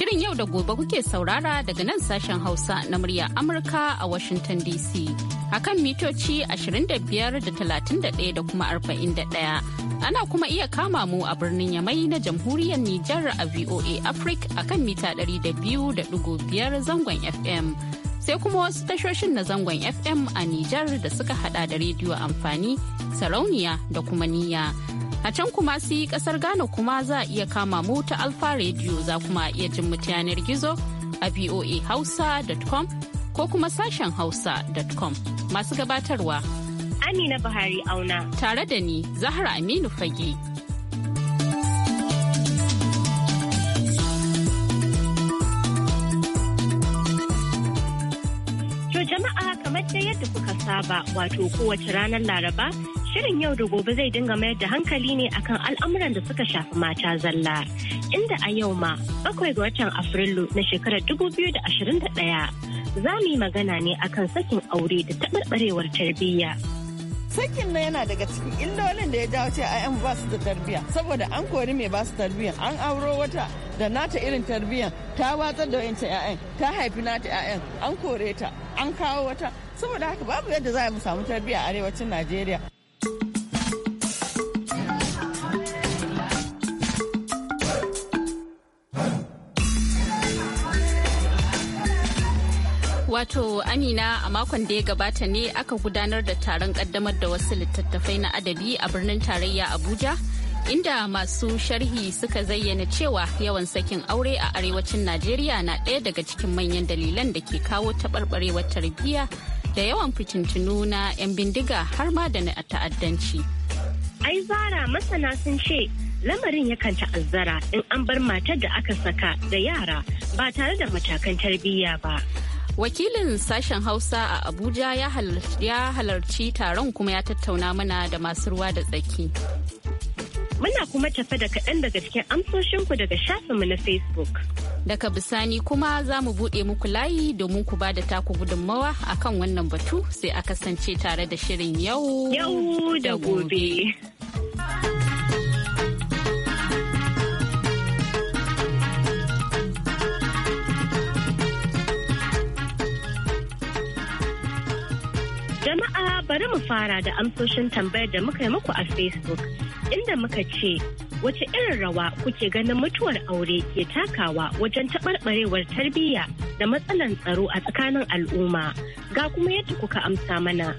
Shirin yau da gobe kuke saurara daga nan sashen Hausa na murya Amurka a Washington DC. akan mitoci 25 da da kuma 41. Ana kuma iya kama mu a birnin Yamai na jamhuriyar Nijar a VOA Africa a kan mita 200.5 zangon FM. Sai kuma wasu tashoshin na zangon FM a Nijar da suka hada da rediyo amfani, sarauniya da kuma niyya. A can kuma su yi kasar Ghana kuma za a iya kama mu ta Alfa Radio za kuma iya jin mu ta yanar gizo a voahausa.com ko kuma sashen hausa.com masu gabatarwa. Amina Buhari auna. Tare da ni Zahra Aminu Fage. To jama'a kamar da yadda kuka saba wato kowace ranar Laraba Shirin yau da gobe zai dinga mayar da hankali ne akan al'amuran da suka shafi mata zalla. Inda a yau ma bakwai ga watan Afrilu na shekarar 2021 za mu yi magana ne akan sakin aure da taɓarɓarewar tarbiyya. sakin na yana daga cikin illolin da ya dawo ce a yan su da tarbiyya saboda an kori mai basu tarbiyya an auro wata da nata irin tarbiyya ta watsar da wayanta 'ya'yan ta haifi nata 'ya'yan an kore ta an kawo wata saboda haka babu yadda za mu samu tarbiyya a arewacin najeriya Wato Amina a makon da ya gabata ne aka gudanar da taron kaddamar da wasu littattafai na adabi a birnin tarayya Abuja. Inda masu sharhi suka zayyana cewa yawan sakin aure a arewacin Najeriya na ɗaya daga cikin manyan dalilan da ke kawo taɓarɓarewar tarbiyya da yawan fitintunu na 'yan bindiga har ma da na ta'addanci. Ai zara masana sun ce lamarin yakan ta'azzara in an bar matar da aka saka da yara ba tare da matakan tarbiyya ba. wakilin sashen hausa a abuja ya halarci taron kuma ya tattauna mana da masu ruwa da tsaki muna kuma tafe da kaɗan daga cikin amsoshinku daga shafinmu na facebook daga bisani kuma za mu buɗe muku layi domin ku ba da taku gudunmawa akan wannan batu sai a kasance tare da shirin yau da gobe. mu fara da amsoshin tambayar da muka yi muku a Facebook inda muka ce wace irin rawa kuke ganin mutuwar aure ke takawa wajen taɓarɓarewar tarbiyya da matsalan tsaro a tsakanin al'umma ga kuma yadda kuka amsa mana.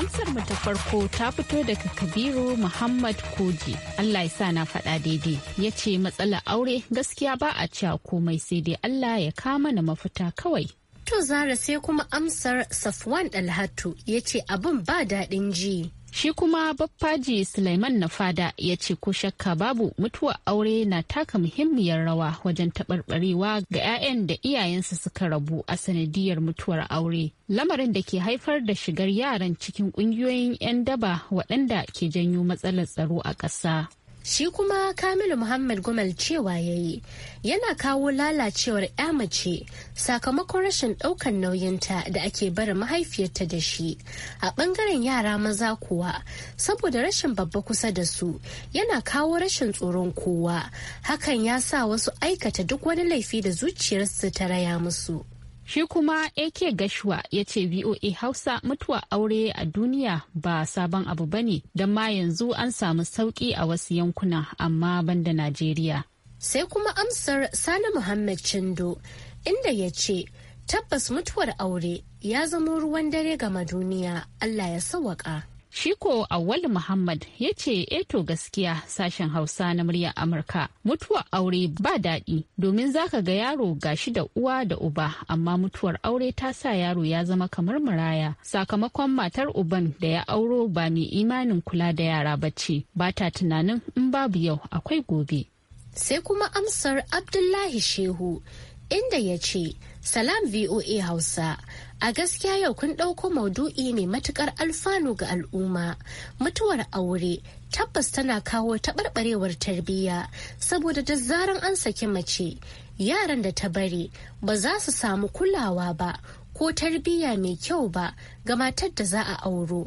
amsar mu ta farko ta fito daga kabiru muhammad koji allah ya sa na faɗa daidai ya ce matsalar aure gaskiya ba a cewa komai sai dai allah ya kama na mafita kawai to zara sai kuma amsar safwan dalhatu ya ce abin ba daɗin ji Shi kuma Baffaji Sulaiman na fada ya ce ko shakka babu mutuwar aure na taka muhimmiyar rawa wajen taɓarɓarewa ga 'ya'yan da iyayensa suka rabu a sanadiyar mutuwar aure. Lamarin da ke haifar da shigar yaran cikin ƙungiyoyin 'yan daba waɗanda ke janyo matsalar tsaro a ƙasa. Shi kuma Kamilu Muhammad Gumal cewa ya yi yana kawo lalacewar ya mace sakamakon rashin ɗaukan nauyinta da ake barin mahaifiyarta da shi. A ɓangaren yara maza kuwa, saboda rashin babba kusa da su yana kawo rashin tsoron kowa. Hakan ya sa wasu aikata duk wani laifi da zuciyarsu ta raya musu. Shi kuma AK Gashua ya ce VOA Hausa mutuwa aure a duniya ba sabon abu ba ne don ma yanzu an samu sauƙi a wasu yankuna amma banda Najeriya. Sai kuma amsar Sani Muhammad Chindo inda ya ce tabbas mutuwar aure ya zama ruwan dare gama duniya Allah ya sawaka. Shiko Awal Muhammad ya ce eto eh gaskiya sashen Hausa na muryar Amurka mutuwar aure ba daɗi domin zaka ga yaro ga shi da uwa da uba amma mutuwar aure ta sa yaro ya zama kamar muraya sakamakon matar uban da ya auro ba mai imanin kula da yara bacci ba ta tunanin in babu yau akwai gobe. Sai kuma amsar Abdullahi Shehu inda ya ce Salam VOA Hausa. A gaskiya yau kun ɗauko maudu'i mai matuƙar alfanu ga al'umma. Mutuwar aure tabbas tana kawo taɓarɓarewar tarbiyya saboda da zaran an saki mace yaran da ta bari ba za su samu kulawa ba ko tarbiyya mai kyau ba ga matar da za a auro.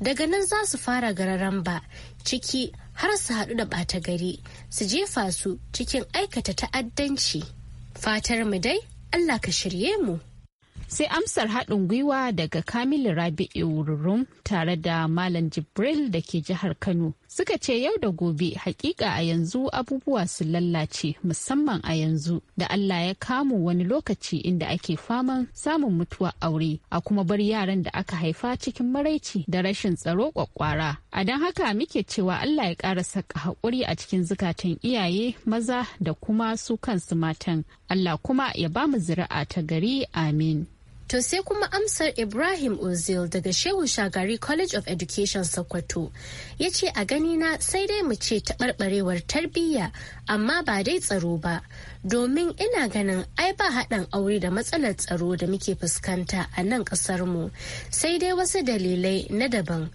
Daga nan za su fara gararan ba ciki har su haɗu da ɓata gari su jefa su cikin aikata ta'addanci. Fatar mu dai Allah ka shirye mu. Sai amsar haɗin gwiwa daga Kamilu Rabi'u Rurum tare da Malam Jibril da ke jihar Kano. suka ce yau da gobe hakika a yanzu abubuwa su lallace musamman a yanzu da Allah ya kamu wani lokaci inda ake faman samun mutuwa aure a kuma bar yaran da aka haifa cikin maraici da rashin tsaro kwakwara a don haka muke cewa Allah ya ƙara saka haƙuri a cikin zukatan iyaye maza da kuma su kansu matan Allah kuma ya ba mu zira'a ta gari amin To sai kuma amsar Ibrahim Ozil daga Shehu Shagari College of Education Sokoto ya ce a ganina sai dai mu ce taɓarɓarewar tarbiyya amma ba dai tsaro ba domin ina ganin ai ba haɗin aure da matsalar tsaro da muke fuskanta a nan ƙasarmu sai dai wasu dalilai na daban.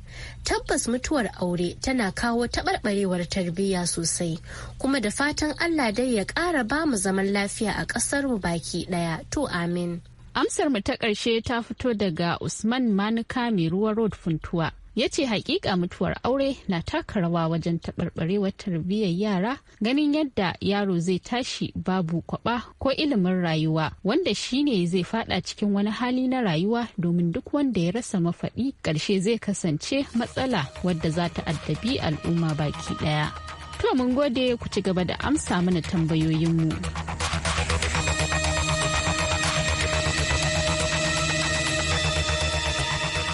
Tabbas mutuwar aure tana kawo taɓarɓarewar tarbiyya sosai kuma da fatan Allah dai ya ƙara ba mu zaman lafiya a ƙasarmu baki ɗaya to amin. Amsar mu ta ƙarshe ta fito daga Usman Manuka mai ruwa Road Funtuwa. Ya ce haƙiƙa mutuwar aure na taka rawa wajen taɓarɓarewar tarbiyyar yara ganin yadda yaro zai tashi babu kwaɓa ko ilimin rayuwa wanda shi ne zai faɗa cikin wani hali na rayuwa domin duk wanda ya rasa mafaɗi ƙarshe zai kasance matsala wadda za ta addabi al'umma baki ɗaya. To mun gode ku ci gaba da amsa mana tambayoyinmu.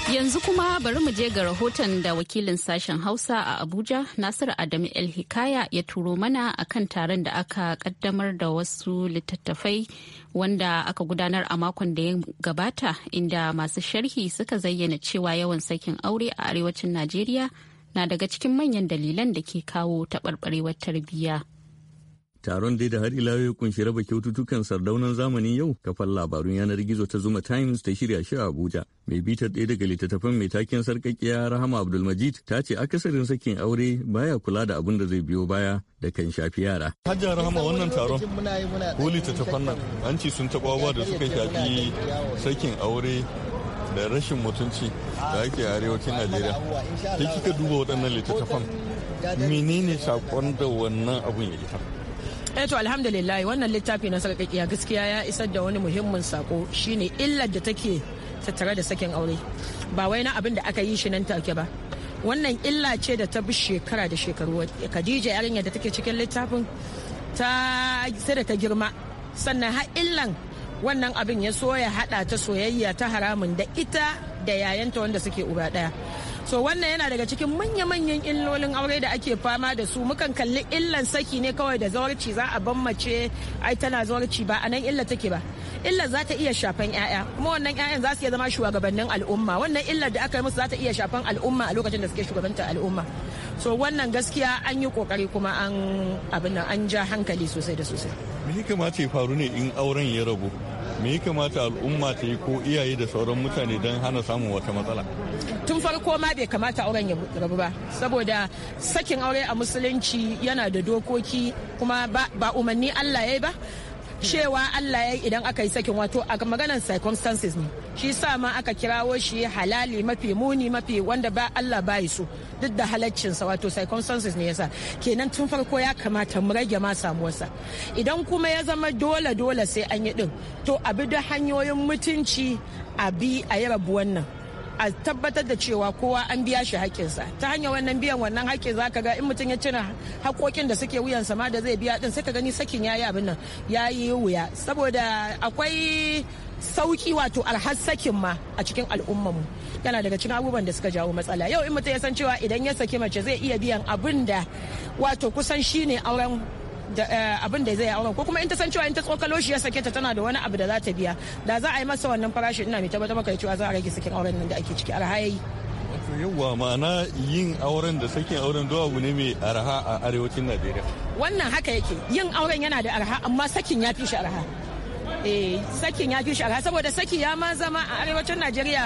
Yanzu kuma bari mu je ga rahoton da wakilin sashen Hausa a Abuja Nasiru Adamu El Hikaya ya turo mana a kan taron da aka kaddamar da wasu littattafai wanda aka gudanar a makon da ya gabata inda masu sharhi suka zayyana cewa yawan sakin aure a arewacin Najeriya na daga cikin manyan dalilan da ke kawo taɓarɓarewar tarbiyya. Taron dai da har ila ya kunshi raba kyaututtukan sardaunan zamani yau kafar labarun yanar gizo ta Zuma Times ta shirya shi a Abuja. Mai bitar ɗaya daga littattafan mai taken sarkakkiya Rahama Abdulmajid ta ce akasarin sakin aure baya kula da abun da zai biyo baya da kan shafi yara. Hajjar Rahama wannan taron ko littattafan nan an ce sun taɓa abubuwa da suka shafi sakin aure da rashin mutunci da ake arewacin Najeriya. Da kika duba waɗannan littattafan menene saƙon da wannan abun ya ita? eh to alhamdulillah wannan littafi na sarkakiya gaskiya ya isar da wani muhimmin sako shine illar da take tattare da sakin aure ba wai na abin da aka yi shi nan take ba wannan illa ce da ta bi shekara da shekaru khadija yarinya da take cikin littafin ta sai da ta girma sannan har illan wannan abin ya so ya hada ta soyayya ta haramun da ita da yayanta wanda suke uba daya so wannan yana daga cikin manya-manyan illolin aure da ake fama da su mukan kalli illan saki ne kawai da zawarci za a ban mace ai tana zawarci ba a nan illa take ba illar za ta iya shafan 'ya'ya kuma wannan 'ya'yan za su iya zama shugabannin al'umma wannan illar da aka yi musu za ta iya shafan al'umma a lokacin da suke shugabantar al'umma so wannan gaskiya an yi kokari kuma an abin an ja hankali sosai da sosai me kamata ya faru ne in auren ya rabu me ya kamata al'umma ta yi ko iyaye da sauran mutane don hana samun wata matsala tun farko ma bai kamata auren ya rabu ba saboda sakin aure a musulunci yana da dokoki kuma ba umarni allah ya yi ba cewa Allah ya idan aka yi sakin wato a maganar circumstances ne shi sa ma aka kirawo shi halali mafi muni mafi wanda ba Allah ba su duk da halaccinsa wato circumstances ne yasa kenan tun farko ya kamata mu rage ma samuwarsa idan kuma ya zama dole dole sai an yi din to abi da hanyoyin mutunci a bi a yi rabu nan a tabbatar da cewa kowa an biya shi haƙƙinsa ta hanyar wannan biyan wannan haƙƙin za ka ga in mutum ya cina haƙƙoƙin da suke wuyansa ma da zai biya din sai ka gani sakin ya yi abin nan ya yi wuya saboda akwai sauki wato alhassakin ma a cikin mu yana daga cikin abubuwan da suka jawo matsala yau in mutum ya san cewa idan ya saki mace zai iya biyan abin da wato kusan shine auren Eh, abin da zai auren ko kuma in ta san cewa in ta tsokalo shi ya sake ta tana da wani abu da za ta biya da za a yi masa wannan farashi ina mai tabbatar maka cewa za a rage sakin auren nan da ake ciki wato Yawwa ma'ana yin auren da sakin auren abu ne mai arha a arewacin najeriya wannan haka yake yin auren yana da arha amma sakin ya fi shi arha eh sakin ya fi shi saboda saki ya ma zama a arewacin najeriya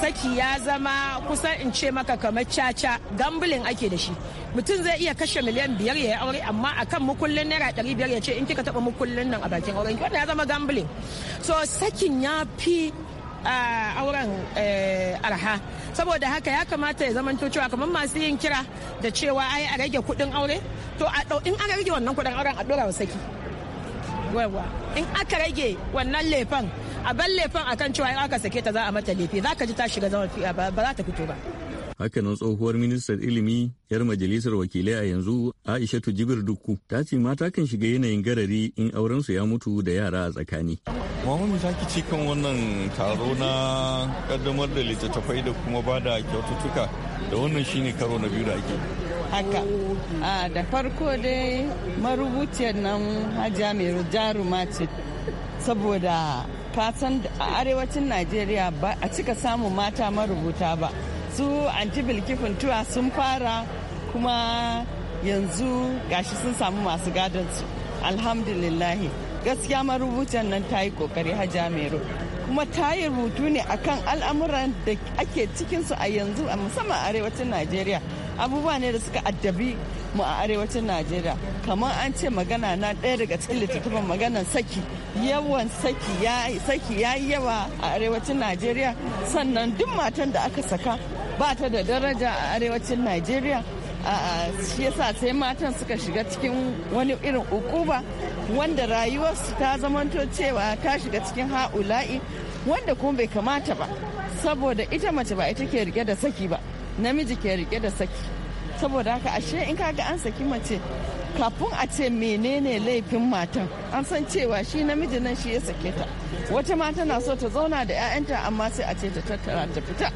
saki ya zama kusan in ce maka kamar caca gambulin ake da shi mutum zai iya kashe miliyan biyar ya yi aure amma akan mukullin naira ɗari biyar ya ce in kika taɓa mukullin nan a bakin auren wanda ya zama gambulin so sakin ya fi a auren eh, arha saboda haka ya kamata ya zama cewa kamar masu yin kira da cewa ai a rage kuɗin aure to a ɗau in an rage wannan kuɗin auren a ɗora wa saki yawa in aka rage wannan lefan a ban lefan akan cewa in aka sake ta za a mata lefe za ka ji ta shiga zaman fiya ba za ta fito ba hakanan tsohuwar ministan ilimi yar majalisar wakilai a yanzu aishatu jibir dukku ta ce mata kan shiga yanayin garari in aurensu ya mutu da yara a tsakani Muhammadu ta ci kan wannan taro na kaddamar da littattafai da kuma ba da kyaututtuka da wannan shine karo na biyu da ake haka a da farko dai marubuciyar nan hajiya mai jaruma ce saboda kasan a arewacin najeriya ba a cika samun mata marubuta ba su anti bilkifin tuwa sun fara kuma yanzu gashi sun samu masu gadansu alhamdulillahi gaskiya marubuciyar nan ta yi kokari hajiya mai kuma ta yi rubutu ne akan al'amuran da ake cikinsu a yanzu a musamman arewacin najeriya abubuwa ne da suka addabi mu a arewacin najeriya kamar an ce magana na ɗaya daga cikin littattafan maganar saki yawan saki ya saki ya yi yawa a arewacin najeriya sannan duk matan da aka saka ba ta da daraja a arewacin najeriya shi yasa sai matan suka shiga cikin wani irin ukuba wanda rayuwarsu ta zamanto cewa ta shiga cikin ha'ula'i wanda kuma bai kamata ba saboda ita mace ba ita ke rike da saki ba namiji ke rike da saki saboda haka ashe in kaga an saki mace kafin a ce menene laifin matan an san cewa shi namiji nan shi ya sake ta wata ma tana so ta zauna da 'ya'yanta amma sai a ce ta tattara ta fita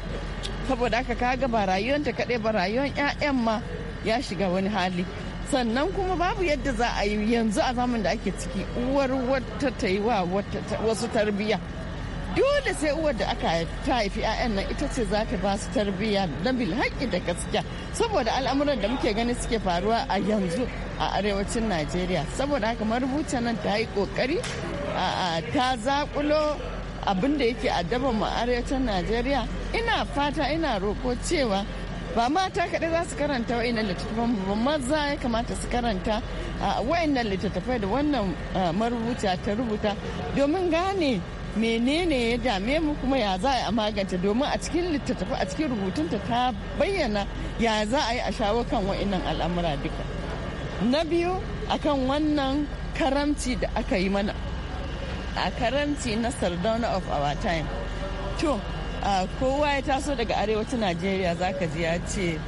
saboda haka kaga ba rayuwanta kaɗai ba rayuwar 'ya'yan ma ya shiga wani hali sannan kuma babu yadda za a yi yanzu a zaman da ake ciki uwar wata ta yi wa wasu tarbiyya dole sai uwar da aka ta haifi 'ya'yan nan ita ce za ta ba su tarbiyya don bil haƙƙi da gaskiya saboda al'amuran da muke gani suke faruwa a yanzu a arewacin najeriya saboda haka marubuta nan ta yi ƙoƙari ta zaƙulo abin da yake a mu arewacin najeriya ina fata ina roko cewa ba mata kaɗai za su karanta wa'innan littattafan ba maza ya kamata su karanta wa'innan littattafai da wannan marubuta ta rubuta domin gane menene ya dame mu kuma ya za a magance domin a cikin littattafa a cikin rubutunta ta bayyana ya za a yi a shawo kan wa'innan al'amura duka na biyu akan wannan karamci da aka yi mana a karamci na sardauna of our time to kowa ya taso daga arewacin najeriya ka ji ya ce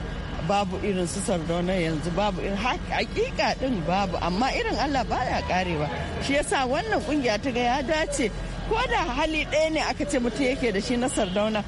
babu irin su sardauna yanzu babu irin hakika din babu amma irin allah baya karewa shi yasa wannan kungiya ta ga ya dace ko da hali ɗaya ne aka ce mutum yake da shi na sardauna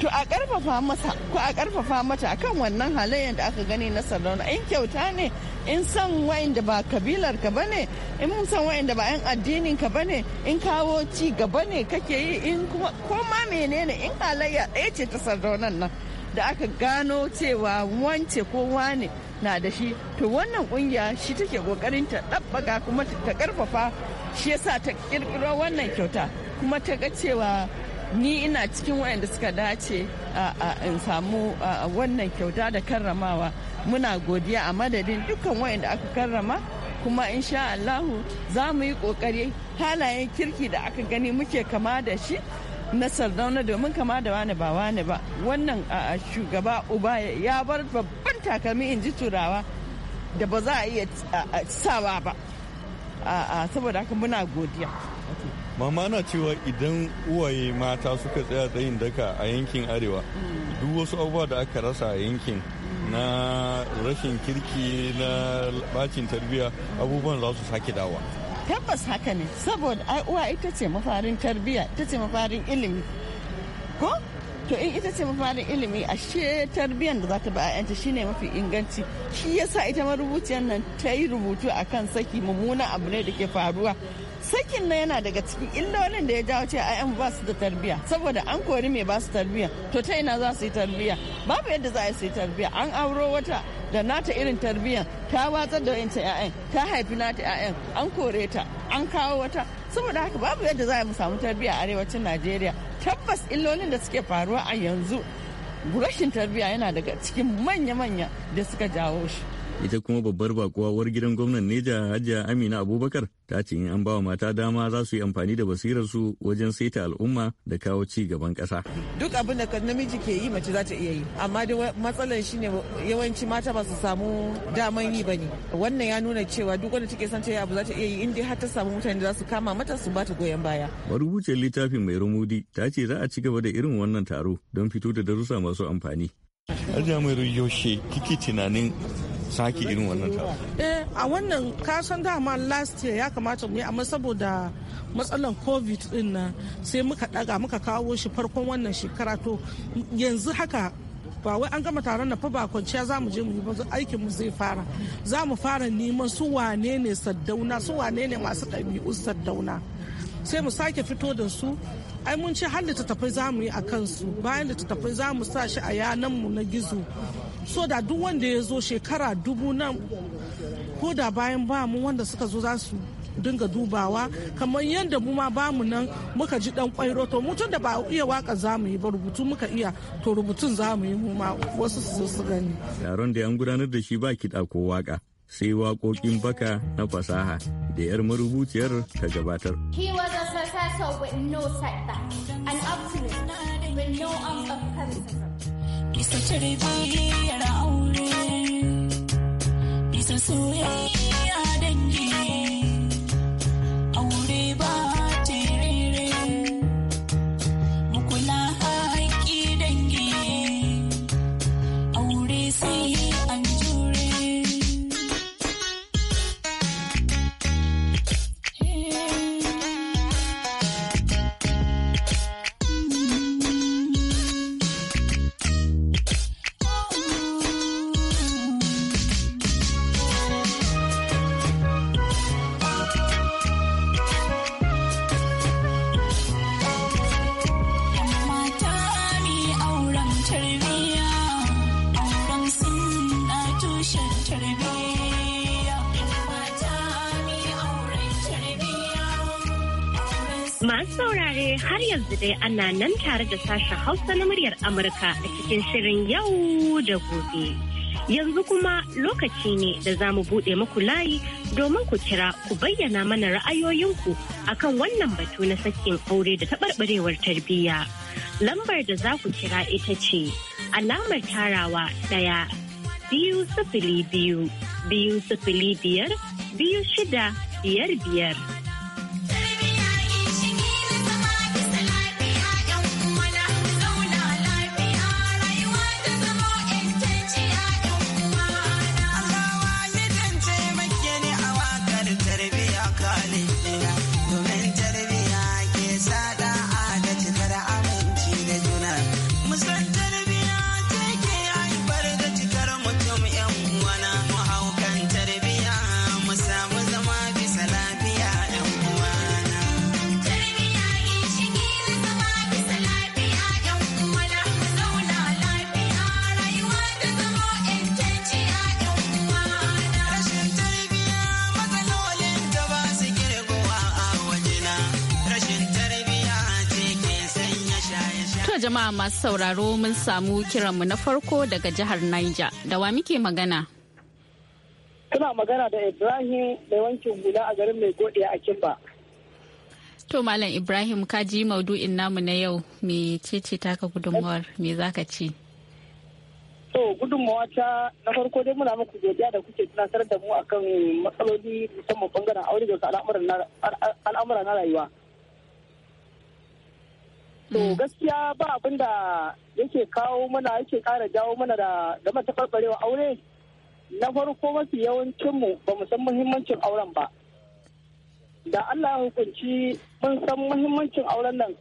to a karfafa masa ko a karfafa mata akan wannan halayyar da aka gani na sardauna in kyauta ne in san wa'inda ba kabilar ka bane in san wa'inda ba yan addinin ka bane in kawo ci gaba ne kake yi in kuma ko ma menene in halayya ɗaya ce ta sardaunan nan da aka gano cewa wance ko wane na da shi to wannan kungiya shi take kokarin ta ɗabbaga kuma ta karfafa shi yasa ta kirkiro wannan kyauta kuma ta ga cewa ni ina cikin wayanda suka dace in samu wannan kyauta da karramawa muna godiya a madadin dukkan wayanda aka karrama kuma insha Allahu za mu yi kokari halayen kirki da aka gani muke kama da shi na sardauna domin kama da wani ba wani ba wannan shugaba uba ya bar babban takalmi in ji turawa da ba za a iya sawa ba a saboda haka muna godiya mama na cewa idan uwaye mata suka tsaya tsayin daka a yankin arewa mm. duk wasu abubuwa da aka rasa a yankin mm. na rashin kirki na bacin tarbiyya mm. abubuwan za su sake dawa tabbas haka ne saboda ai uwa ita ce mafarin tarbiyya ita ce mafarin ilimi ko to in ita ce mafarin ilimi a she tarbiyyar da za ta ba 'ya'yanta shine mafi inganci shi yasa ita marubuciyar nan ta yi rubutu akan saki mummuna abu ne da ke faruwa sakin na yana daga cikin illolin da ya jawo ce a ba su da tarbiya saboda an kori mai ba su tarbiya to ta ina za su yi tarbiya babu yadda za a yi tarbiya an auro wata da nata irin tarbiyyar ta watsar da wayanta yayan ta haifi nata yayan an kore ta an kawo wata saboda haka babu yadda za mu samu tarbiya a arewacin najeriya tabbas illolin da suke faruwa a yanzu rashin tarbiyya yana daga cikin manya-manya da suka jawo shi ita kuma babbar bakuwa uwar gidan gwamnan neja hajiya amina abubakar ta ce in an bawa mata dama za su yi amfani da basirar su wajen saita al'umma da kawo ci gaban ƙasa. duk abin da namiji ke yi mace za ta iya yi amma da matsalar shi ne yawanci mata ba su samu daman yi ba ne wannan ya nuna cewa duk wanda take son ta yi abu za ta iya yi in dai har ta samu mutane za su kama mata su ba ta goyon baya. marubuciyar littafin mai rumudi ta ce za a ci gaba da irin wannan taro don fito da darussa masu amfani. Ajiya mai yaushe kike tunanin sake irin wannan ta eh a wannan kasan dama last year ya kamata mu yi amma saboda matsalan covid din nan sai muka daga muka kawo shi farkon wannan shekara to yanzu haka ba wai an gama taron na fa ba kwanciya za mu je mu yi ba aikin mu zai fara za mu fara neman su wane ne saddauna su wane ne masu ɗabi'u saddauna sai mu sake fito da su ai mun ce har littattafai za mu yi a kansu bayan littattafai za mu sa shi a yanan mu na gizo so da duk wanda ya zo shekara dubu nan ko da bayan ba mu wanda suka zo za su dinga dubawa kamar yadda mu ma bamu nan muka ji dan kwairo to mutum da ba iya waka za mu yi ba rubutu muka iya to rubutun za mu yi mu ma wasu su su gani yaron da yan gudanar da shi ba kiɗa ko waka sai waƙoƙin baka na fasaha da yar marubuciyar ta gabatar with no an optimist with no bisa tarbiyyar aure bisa soyayya dangi dai ana nan tare da sashen Hausa na muryar Amurka a cikin shirin yau da gobe. Yanzu kuma lokaci ne da za mu buɗe muku layi domin ku kira ku bayyana mana ra'ayoyinku akan wannan batu na sakin aure da taɓarɓarewar tarbiyya. Lambar da za ku kira ita ce alamar tarawa ɗaya biyu sifili biyu biyu sifili biyar biyu shida biyar biyar. jama'a masu sauraro mun samu kiranmu na farko daga jihar Niger. Da wa muke magana? Suna magana da Ibrahim mai wankin hula a garin mai godiya a Kimba. To Malam Ibrahim ka ji maudu'in namu na yau me cece taka gudunmawar me zaka ci? To gudunmawa ta na farko dai muna muku godiya da kuke tunatar da mu akan matsaloli musamman bangaren aure da al'amura na rayuwa. to mm. gaskiya ba abin da yake kawo mana yake kara jawo mana da ta aure na farko mafi yawancinmu ba mu san muhimmancin auren ba da Allah hukunci mun san muhimmancin auren nan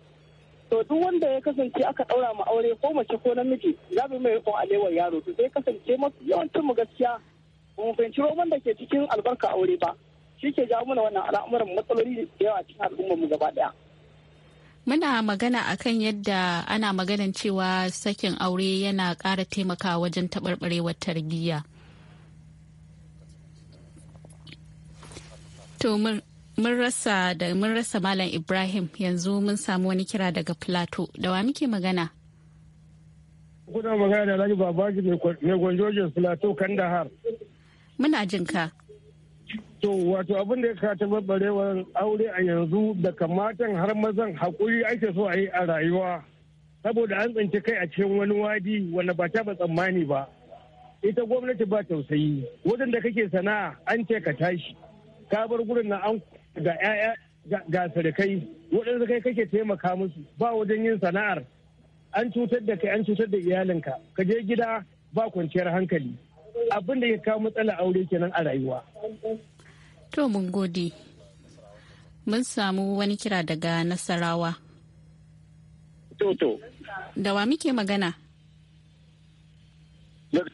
to duk wanda ya kasance aka ɗaura mu aure ko mace ko namiji za mu mai rikon alewar yaro to sai kasance mafi yawancin mu gaskiya ba mu fahimci roman da ke cikin albarka aure ba shi ke jawo mana wannan al'amuran matsaloli da yawa cikin al'ummar mu gaba ɗaya. Muna magana a kan yadda ana magana cewa sakin aure yana ƙara taimakawa wajen taɓarɓarewar tarbiyya. To mun rasa da mun rasa Malam Ibrahim yanzu mun samu wani kira daga Plateau da wa muke magana? Kuna magana da Alhaji Babaji mai gwanjojin Plateau Kandahar. Muna jinka. ka. To wato abin da ya kata babbarewar aure a yanzu da kamatan har mazan haƙuri ake so a yi a rayuwa saboda an tsinci kai a cikin wani wadi wanda ba ta ba tsammani ba. Ita gwamnati ba tausayi Wajen da kake sana'a an ce ka tashi ka bar gurin na an ga 'ya'ya ga sarkai waɗanda kai kake taimaka musu ba wajen yin sana'ar an cutar da kai an cutar da iyalinka ka je gida ba kwanciyar hankali abin da ya kawo matsala aure kenan a rayuwa To mun gode. Mun samu wani kira daga Nasarawa. Toto. Da wa muke magana?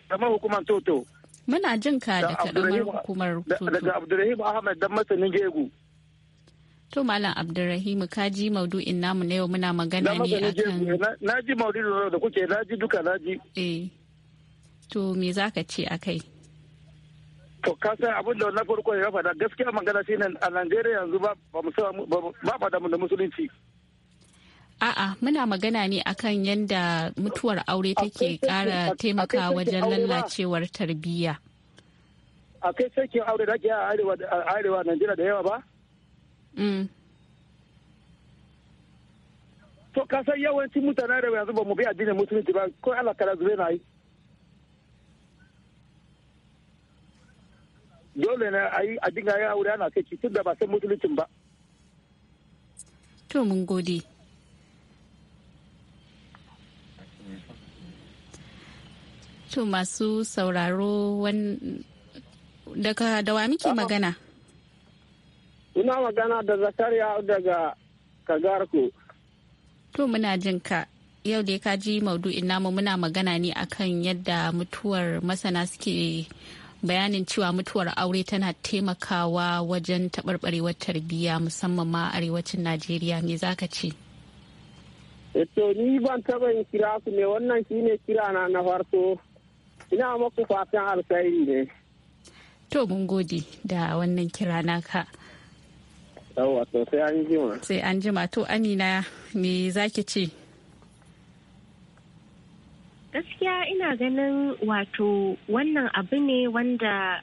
Daga hukumar Toto. Muna jin ka da kaɗamar hukumar Toto. Daga Abdulrahim Ahmed dan masanin Gegu. To Malam Abdulrahim ka ji maudu'in namu na yau muna magana ne a kan. Na ji maudu'in da kuke na ji duka na ji. Eh. To me za ka ce a kai? to ka san abin da na farko ya faɗa gaskiya magana shi ne a Najeriya yanzu ba ba da da musulunci. A'a muna magana ne akan yadda mutuwar aure take ƙara taimaka wajen lallacewar tarbiyya. A kai sakin aure da ke a arewa Najeriya da yawa ba? Mm. To ka san yawancin mutane da yanzu ba mu bi addinin musulunci ba ko Allah kala zure na yi. dole ne a yi a dinga ya aure ana kai tun da ba san musuluncin ba. To mun gode. To masu sauraro daga dawa miki magana? Ina magana da Zakariya daga Kagarku. To muna jin ka. Yau dai ka ji maudu'in namu muna magana ne akan yadda mutuwar masana suke bayanin cewa mutuwar aure tana taimakawa wajen taɓarɓarewar tarbiyya musamman ma arewacin najeriya me zaka ce eh, to ni ban taɓa yin kira ku ne wannan shine kira na na farko ina maku fatan alkhairi ne to mun gode da wannan kira naka yawa to sai an jima sai an jima to amina me zaki ce gaskiya ina ganin wato wannan abu ne wanda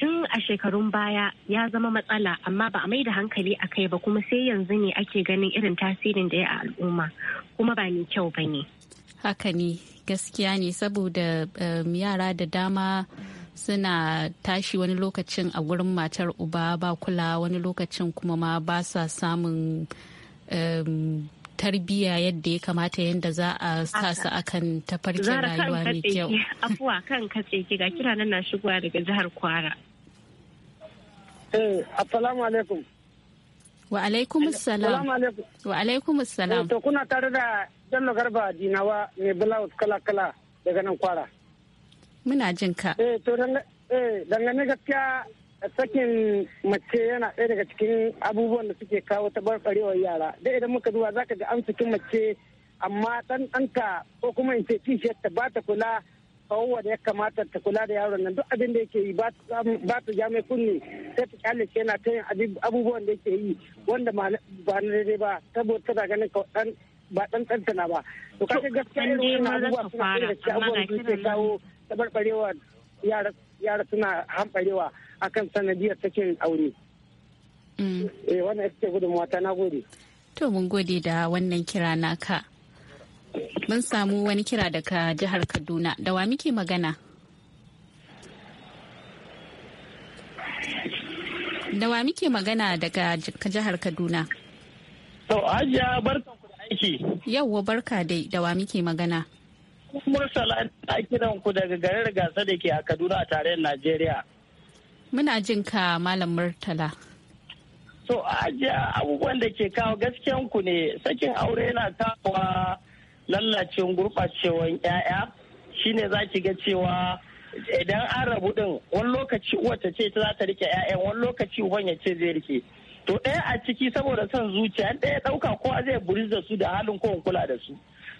tun a shekarun baya ya zama matsala amma ba a mai da hankali a kai ba kuma sai yanzu ne ake ganin irin tasirin da ya a al'umma kuma ba ni kyau ba ne haka ne gaskiya ne saboda um, yara da dama suna tashi wani lokacin a wurin matar uba ba kula wani lokacin kuma ma ba sa samun um, tarbiyya yadda ya kamata yadda za a sasa su akan tafarkin rayuwa mai kyau. Afuwa kan katse ki ga kira nan na shigowa daga jihar Kwara. Eh, assalamu alaikum. Wa alaikum salam. Wa alaikum salam. Eh, to kuna tare da Bello Garba Dinawa mai blouse kala-kala daga nan Kwara. Muna jin ka. Eh, to eh, dangane gaskiya sakin mace yana ɗaya daga cikin abubuwan da suke kawo tabarbarewar yara da idan muka za zaka ga an sakin mace amma ɗan ɗanka ko kuma in ce kishiyar ta ba ta kula kawowa da ya kamata ta kula da yaron nan duk abin da yake yi ba ta ja mai kunni sai ta kyale ke yana ta yin abubuwan da yake yi wanda ba na daidai ba saboda tana ganin ɗan ba ɗan ɗanta ba to kaga gaskiya irin wannan abubuwa suna ɗaya da abubuwan da suke kawo tabarbarewar yara yara suna hamɓarewa akan sanadiyar sakin aure. Mm. Eh wannan ita ce gudunmawa ta na gode. To mun gode da wannan kira naka. Mun samu wani kira daga jihar Kaduna. Da wa muke magana? Da wa muke magana daga jihar Kaduna? To, Hajiya barka ku da aiki. Yawwa barka dai, da wa muke magana? Murtala na kiran ku daga garin gasa da ke a Kaduna a tarayyar Najeriya. Muna jin ka Malam Murtala. So ajiya abubuwan da ke kawo gaskiyan ku ne sakin aure yana kawo lallacin gurɓacewan 'ya'ya shine za ki ga cewa idan an rabu din wani lokaci uwar ce za ta rike 'ya'yan wani lokaci uban ya ce zai rike to ɗaya a ciki saboda son zuciya ɗaya ɗauka kowa zai buris da su da halin kowan kula da su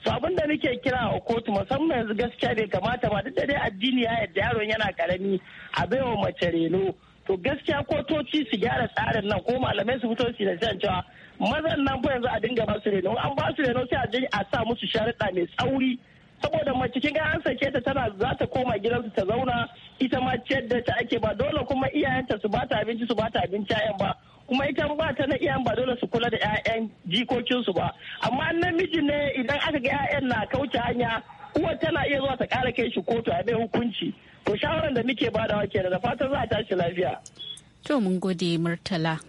so abin da nake kira a kotu musamman yanzu gaskiya bai kamata ba duk da dai addini ya yadda yaron yana karami a baiwa mace reno to gaskiya kotoci su gyara tsarin nan ko malamai su fito su da cewa mazan nan fa yanzu a dinga ba su reno an ba su reno sai a je a sa musu sharuɗa mai tsauri saboda mace kin ga an sake ta tana za ta koma gidansu ta zauna ita ma ciyar da ta ake ba dole kuma iyayenta su bata abinci su bata abinci ayan ba kuma ita ba ta na iyayen ba dole su kula da 'ya'yan jikokinsu ba amma namiji ne idan aka ga 'ya'yan na kauce hanya uwa tana iya zuwa ta kara kai shi kotu a mai hukunci to shawaran da muke da wake da fatan za a tashi lafiya to mun gode murtala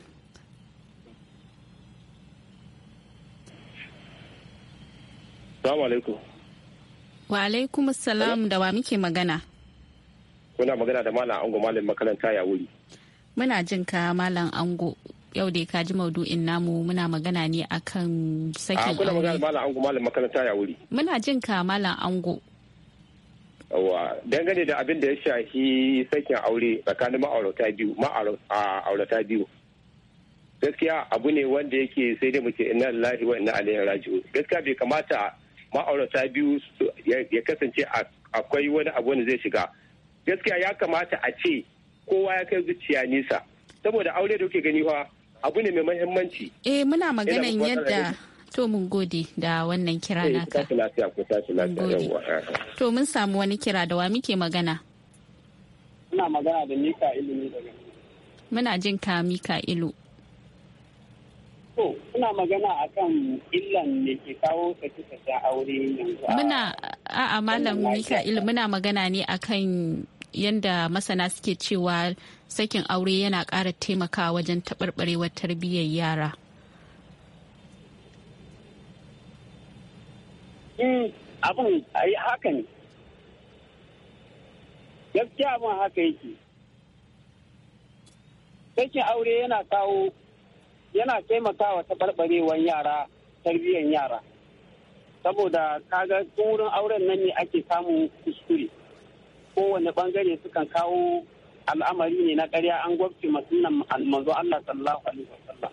Assalamu alaikum. Wa alaikum salam da wa muke magana. Kuna magana da Malam Ango Malam makaranta ya wuri. Muna jin ka Malam Ango. Yau da ka ji maudu'in namu muna magana ne akan sakin aure. Ah, Kuna magana da Malam Ango Malam makaranta ya wuri. Muna jin ka Malam Ango. Wa dangane da abin da ya shafi sakin aure tsakanin ma'aurata biyu ma'aurata biyu. gaskiya abu ne wanda yake sai dai muke inna lillahi wa inna ilaihi raji'un gaskiya bai kamata ma'aurata biyu ya kasance akwai wani abu wanda zai shiga gaskiya ya kamata a ce kowa ya kai zuciya nisa saboda aure da kuke gani fa abu ne mai mahimmanci eh muna maganan yadda to mun gode da wannan kira eh, naka to mun samu wani kira da wa muke magana muna magana da mika ilu ne daga muna jin ka mika ilu To, kuna magana kan illan da ke kawo sake-saken aure yanzu. Muna, a'a Malam Mika'il muna magana ne a kan yadda masana suke cewa sakin aure yana ƙara taimakawa wajen taɓarɓarewar tarbiyyar yara. Hmm, abin haka ne gaskiya abin haka yake sakin aure yana kawo yana taimakawa taɓarɓarewar yara tarbiyyar yara saboda kaga tun wurin auren nan ne ake samun kuskure kowane bangare sukan kawo al'amari ne na karya an gwabce masunan manzo Allah sallallahu alaihi wasallam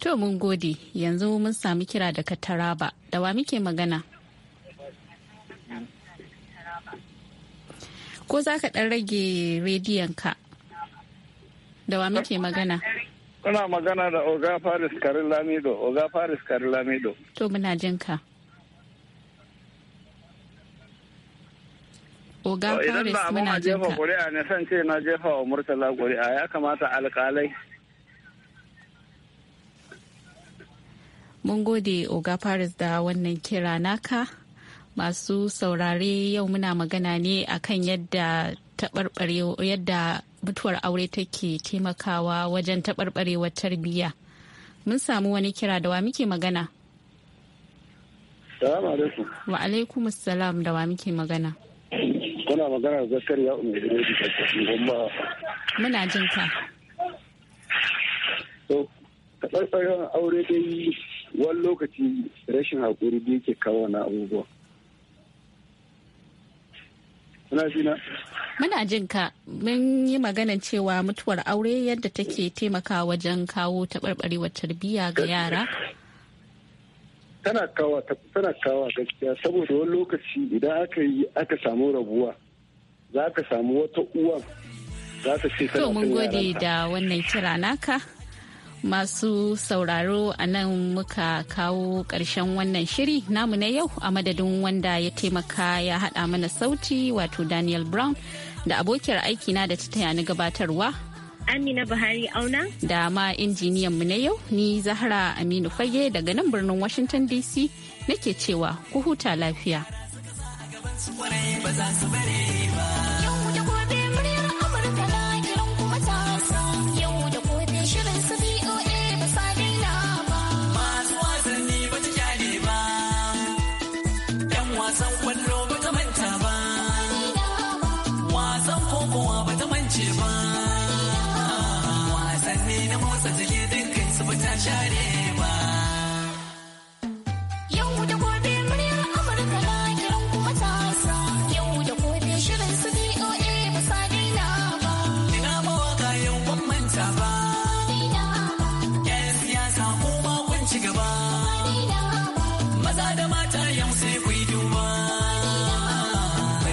to mun gode yanzu mun sami kira daga Taraba da wa muke magana ko za ka ɗan rage ka da wa muke magana Kuna magana da Oga Faris Karin Lamido, Oga Faris Karin Lamido. To muna jin ka. Oga Faris muna jin ka. Idan ba jefa kuri'a ne san ce na jefa wa Murtala kuri'a ya kamata alkalai. Mun gode Oga Faris da wannan kira naka. Masu saurare yau muna magana ne akan yadda taɓarɓare yadda mutuwar aure take taimakawa wajen taɓarɓarewar tarbiyya mun samu wani kira da wa muke magana wa alaikum salam da wa muke magana kuna magana da ya umar biredi da cikin gomba muna jin ka to taɓarɓarewar aure dai wani lokaci rashin haƙuri da yake kawo na abubuwa Muna jin ka mun yi magana cewa mutuwar aure yadda take taimaka wajen kawo taɓarɓarewar tarbiyya ga yara. Tana kawa tana kawa gaskiya saboda wani lokaci idan aka yi aka samu rabuwa za ka samu wata uwa za ta ce tana To mun gode da wannan kira naka. masu sauraro a nan muka kawo ƙarshen wannan shiri namu na yau a madadin wanda ya taimaka ya haɗa mana sauti wato daniel brown da abokiyar aikina da ta ni gabatarwa amina buhari auna da ma injiniyan mu na yau ni zahra aminu fage daga nan birnin washington dc nake cewa ku huta lafiya. Ba za su bare